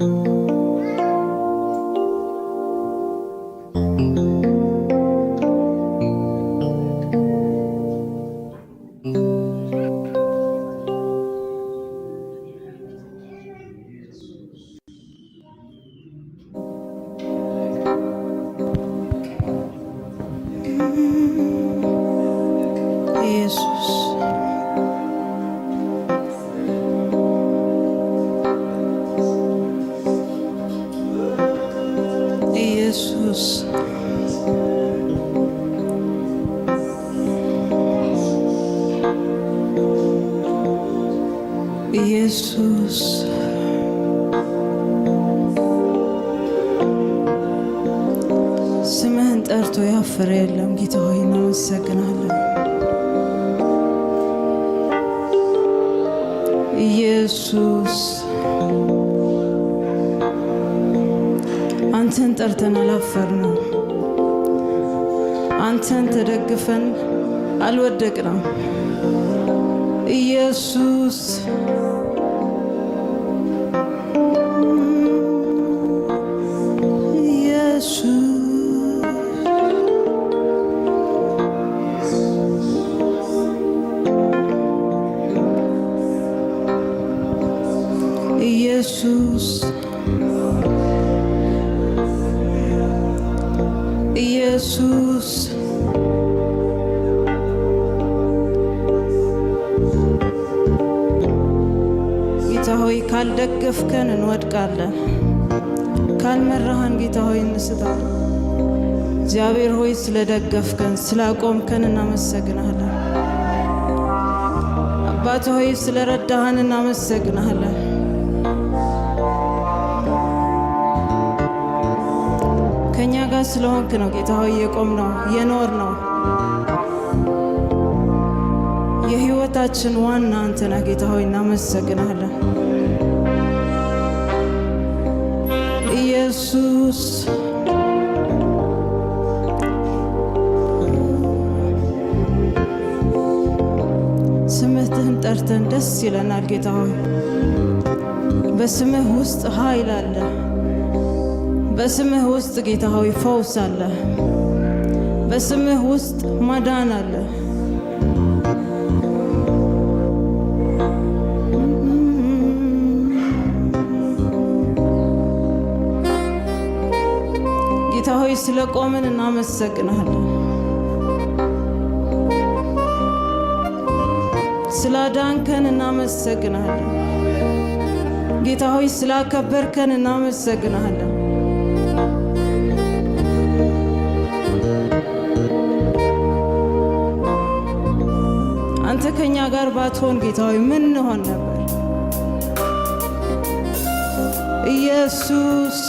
Oh. Deus. Jesus. ስምህን ጠርቶ ያፈረ የለም። ጌታ ሆይ እናመሰግናለን። ኢየሱስ አንተን ጠርተን አላፈርንም። አንተን ተደግፈን አልወደቅንም። ኢየሱስ ኢየሱስ ሆይ ካልደገፍከን እንወድቃለን፣ ካልመራህን ጌታ ሆይ እንስታለን። እግዚአብሔር ሆይ ስለደገፍከን ስላቆምከን እናመሰግናለን። አባት ሆይ ስለረዳህን እናመሰግናለን። ከእኛ ጋር ስለሆንክ ነው ጌታ ሆይ የቆም ነው የኖር ነው የህይወታችን ዋና አንተና ጌታ ሆይ እናመሰግናለን። ኢየሱስ ስምህን ጠርተን ደስ ይለናል። ጌታ ሆይ በስምህ ውስጥ ኃይል አለ። በስምህ ውስጥ ጌታ ሆይ ፈውስ አለ። በስምህ ውስጥ ማዳን አለ። ጌታ ሆይ ስለ ቆምን እናመሰግናለን። ስላዳንከን እናመሰግናለን። ጌታ ሆይ ስላከበርከን እናመሰግናለን። አንተ ከኛ ጋር ባትሆን ጌታ ሆይ ምን እንሆን ነበር? ኢየሱስ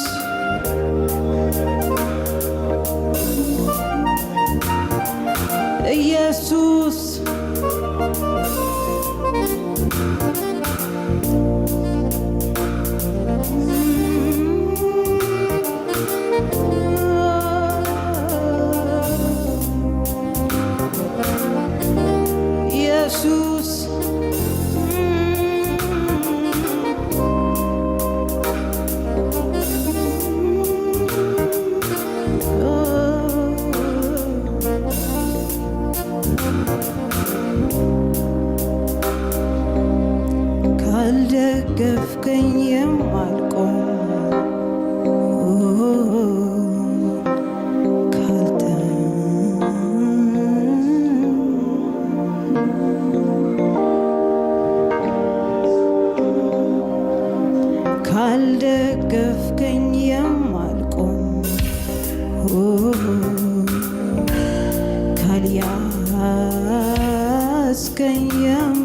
Jesús. ካልደገፍከኝ የማልቆም እንደገፍከኝ የማልቆም ካልያስከኝ